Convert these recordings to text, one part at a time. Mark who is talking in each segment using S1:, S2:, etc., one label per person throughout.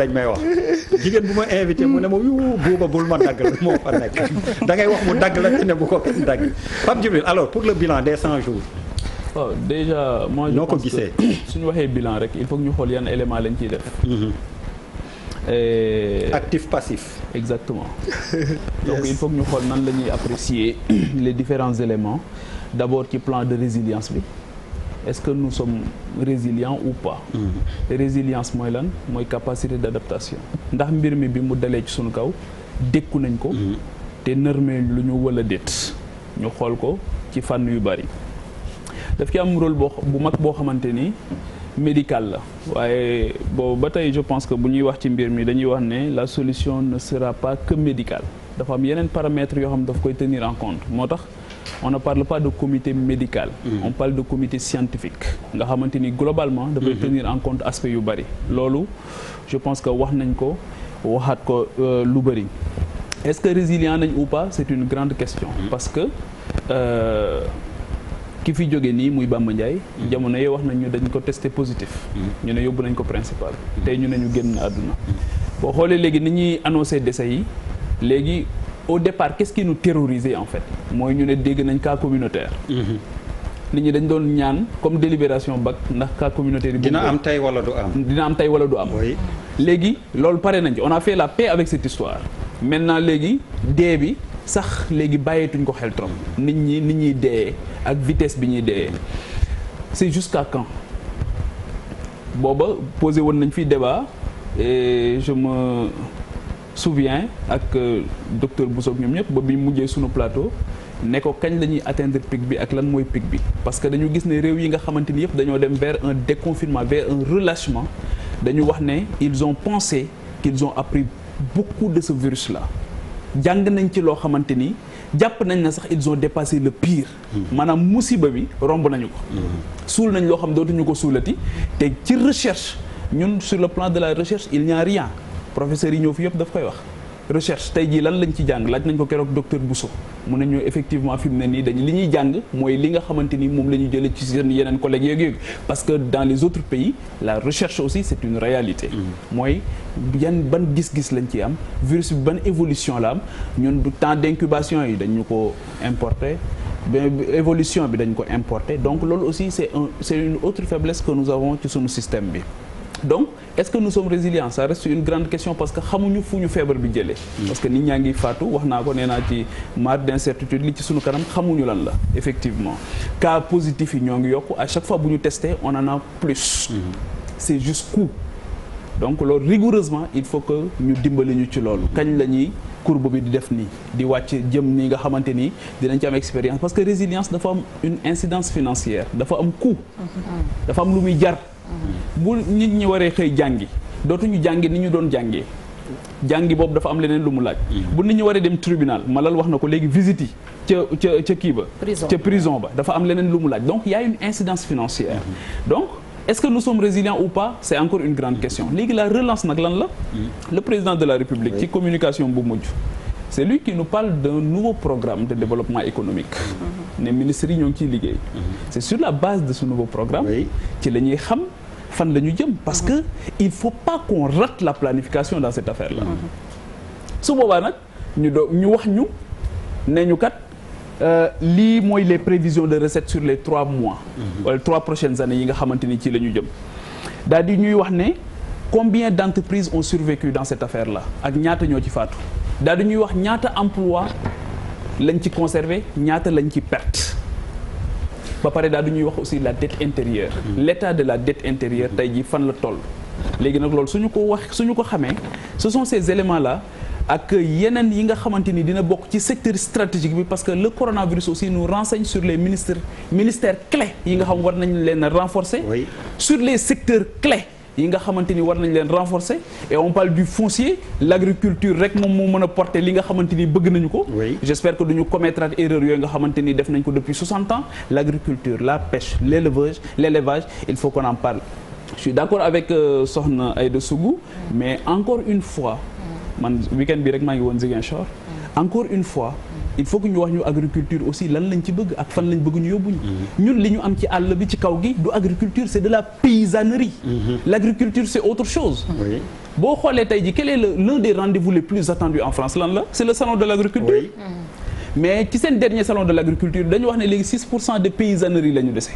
S1: dañ may wax jigéen bi ma invité mu ne ma yu buuba bul ma dagg la moo fa nekk da ngay wax mu dagg la te ne bu ko kenn dagg Pape Djibril alors pour le bilan des 100 jours waaw déjà moi je pense suñu waxee bilan rek il faut ñu xool yan élément lañ ciy def mm-hmm. actif passif exactement donc yes. il faut ñu xool nan la ñuy apprécier les différents éléments d'abord ci plan de résilience bi est-ce que nous sommes résilient ou pas mm-hmm. résilience mooy lan mooy capacité d'adaptation ndax mbir mi bi mu dalee ci suñu kaw dékku nañ ko mm-hmm. te nërmee lu ñu wala déet ñu xool ko ci fànn yu bari daf ci am rôle boo bu mag boo xamante ni médical la waaye boobu ba tey je pense que bu ñuy wax ci mbir mi dañuy wax ne la solution ne sera pas que médicale dafa am yeneen paramètres yoo xam daf koy tenir en compte moo tax on ne parle pas de comité médical. Mhm. on parle de comité scientifique. nga xamante ni globalement. dafay mhm. tenir en compte aspect yu bëri. loolu je pense que wax nañ ko waxaat ko euh, lu bëri est-ce que résilient nañ ou pas c'est une grande question. Mhm. parce que euh, ki fi jóge nii muy Bamba Ndiaye. jamono yee wax nañ ñu dañ ko testé positif. ñu ne yóbbu nañ ko principal. tey ñu ne ñu génn àdduna. boo xoolee léegi ni ñuy annoncé décès yi léegi. au départ qu'est-ce qui nous en fait mooy ñu ne dégg nañ cas communautaire. Mm-hmm. nit ñi dañ doon ñaan comme délibération bac ndax cas communautaire yi. dina am tey wala du am. dina wala du am. léegi loolu pare nañ ci on a fait la paix avec cette histoire. maintenant léegi dee bi sax léegi bàyyeetuñ ko xel trop. nit ñi nit ñuy dee ak vitesse bi ñuy dee c'est jusqu'à quand booba posé woon nañ fi débat et je me. souvien ak euh, docteur Boussock ñoom ñëpp ba bi mujjee suñu plateau ne ko kañ la ñuy atteindre pic bi ak lan mooy pic bi parce que dañu gis ne réew yi nga xamante ni yëpp dañoo dem vers un déconfinement un relâchement dañu wax ne ils ont pensé qu'ils ont appris beaucoup de ce virus la jàng nañ ci loo xamante ni jàpp nañ na sax ils ont dépassé le pire. Hmm. maanaam musiba bi romb nañu ko. Hmm. suul nañ loo xam dootuñu ko suulati te ci recherche ñun sur le plan de la recherche il n'y a rien. professeurs yi ñëw fi yëpp daf koy wax recherche tey jii lan lañ ci jàng laaj nañ ko keroog docteur Bousso mu ne ñu effectivement fi mu ne nii dañ li ñuy jàng mooy li nga xamante ni moom lañuy jëlee ci seen yeneen collègues yeeg yeeg parce que dans les autres pays la recherche aussi c'est une réalité. Mm-hmm. mooy yan ban gis-gis lañ ci am virus bi ban évolution la am ñun du temps d'incubation yi dañ ñu ko importer. évolution bi dañ ko importer donc loolu aussi c un c'est une autre faiblesse que nous avons ci sunu système bi donc est-ce que nous sommes résilients ça reste une grande question parce que xamuñu fu ñu feebar bi jëlee mm. parce que nit ñaa ngi faatu wax naa ko nee ci marge d'incertitude li ci sunu kanam xamuñu lan la effectivement cas positif yi ñoo ngi yokku à chaque fois bu ñu testé on en a plus mm-hmm. c'est jusqu'où donc loolu rigoureusement il faut que ñu dimbali ñu ci loolu kañ la ñuy courbe bi di def nii di wàcc jëm nii nga xamante nii dinañ ci am expérience parce que résilience dafa am une incidence financière dafa am coût mm-hmm. dafa am lu muy jar bu nit ñi waree xëy jàngi dootuñu jàngi ni ñu doon jàngee jàngi boobu dafa am leneen lu mu laaj mm. bu nit ñi waree dem tribunal malal wax na ko léegi visite ca ca kii ba ca prison ba dafa am leneen lu mu laaj donc y a une incidence financière mm-hmm. donc est-ce que nous sommes résilients ou pas c'est encore une grande question léegi la relance nag lan la mm. le président de la république ci communication bu mujj c'est lui qui nous parle d'un nouveau programme de économique mm-hmm. ne ministres yi ñoo ngi ciy liggéey mm-hmm. sur la base de ce nouveau programme ci la ñuy xam fan la ñu jëm parce que il faut pas qu'on rate la planification dans cette affaire là su boobaa nag ñu do ñu wax ñu nee ñu kat euh, lii mooy les prévisions de recettes sur les trois mois mhm. wala trois prochaines années yi nga xamante ni ci la ñu jëm daal di ñuy wax ne combien d'entreprises ont survécu dans cette affaire la ak ñaata ñoo ci faatu daal di ñuy wax ñaata emploi lañ ci conservé ñaata lañ ci perte ba pare daal du ñuy wax aussi la dette intérieure mm. l'état de la dette intérieure tey jii fan la toll léegi nag loolu suñu ko wax suñu ko xamee ce sont ces éléments là ak yeneen yi nga xamante ni dina bokk ci secteur stratégique bi parce que le coronavirus aussi nu renseigne sur les ministères ministères clés yi nga xam war nañ leen a renforcer sur les secteurs clés yi nga xamante ni war nañ leen renforcé et on parle du foncier l' rek moom moo mën a porter li nga xamante ni bëgg nañu ko j' que duñu commettre at erreur yooyu nga xamante ni def nañ ko depuis 60 ans l' agriculture la pêche l' élevage l' il faut qu'on en parle je suis d' accord avec euh, Soxna Aïda Sougou mais encore une fois man week bi rek maa ngi woon Ziguinchor mm. encore une fois il faut que ñu wax ñu agriculture aussi lan lañ ci bëgg ak fan lañ bëgg ñu yóbbuñu ñun li ñu am ci àll bi ci kaw gi du agriculture c'est de la paysannerie mhm. l' agriculture c'est autre chose boo xoolee tey jii quel est l'un des rendez-vous les plus attendus en France lan la c'est le salon de l'agriculture oui. Mm. mais ci seen dernier salon de l'agriculture dañu wax ne léegi 6 pour cent de paysannerie la ñu dese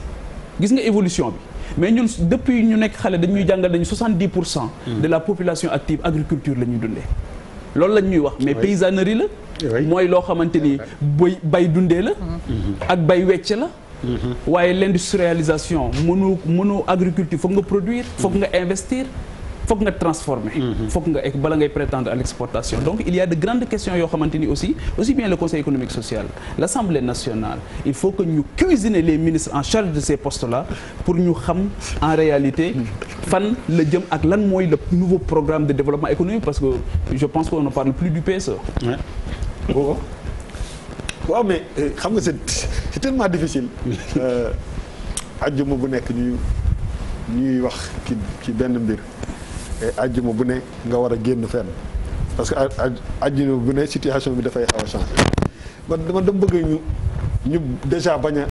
S1: gis nga évolution bi mais ñun depuis ñu nekk xale dañuy jànga dañu 70 pour cent mm. de la population active agriculture la ñuy dundee loolu lañ ñuy wax mais paysannerie la mooy loo xamante ni bay bay dundee la mhm. ak bay wecc la mhm. waaye l'industrialisation mënu mënu agriculture foog nga produire foog nga investir foog nga transformer mhm. foog nga ek bala ngay prétendre à l'exportation donc il y a de grandes questions yoo xamante ni aussi aussi bien le conseil économique social l'assemblée nationale il faut que ñu cuisiner les ministres en charge de ces postes là pour ñu xam en réalité fan la jëm ak lan mooy le nouveau programme de développement économique parce que je pense qu'on ne parle plus du PSE waaw oh, oh. waaw mais euh, xam nga c'est tellement difficile euh, ajjuma bu nekk ñuy ñuy wax benn mbir ajjuma bu ne nga war a génn fenn parce que ajjuma bu ne situation bi dafay xaw a ma man dama bëgg ñu ñu déjà bañ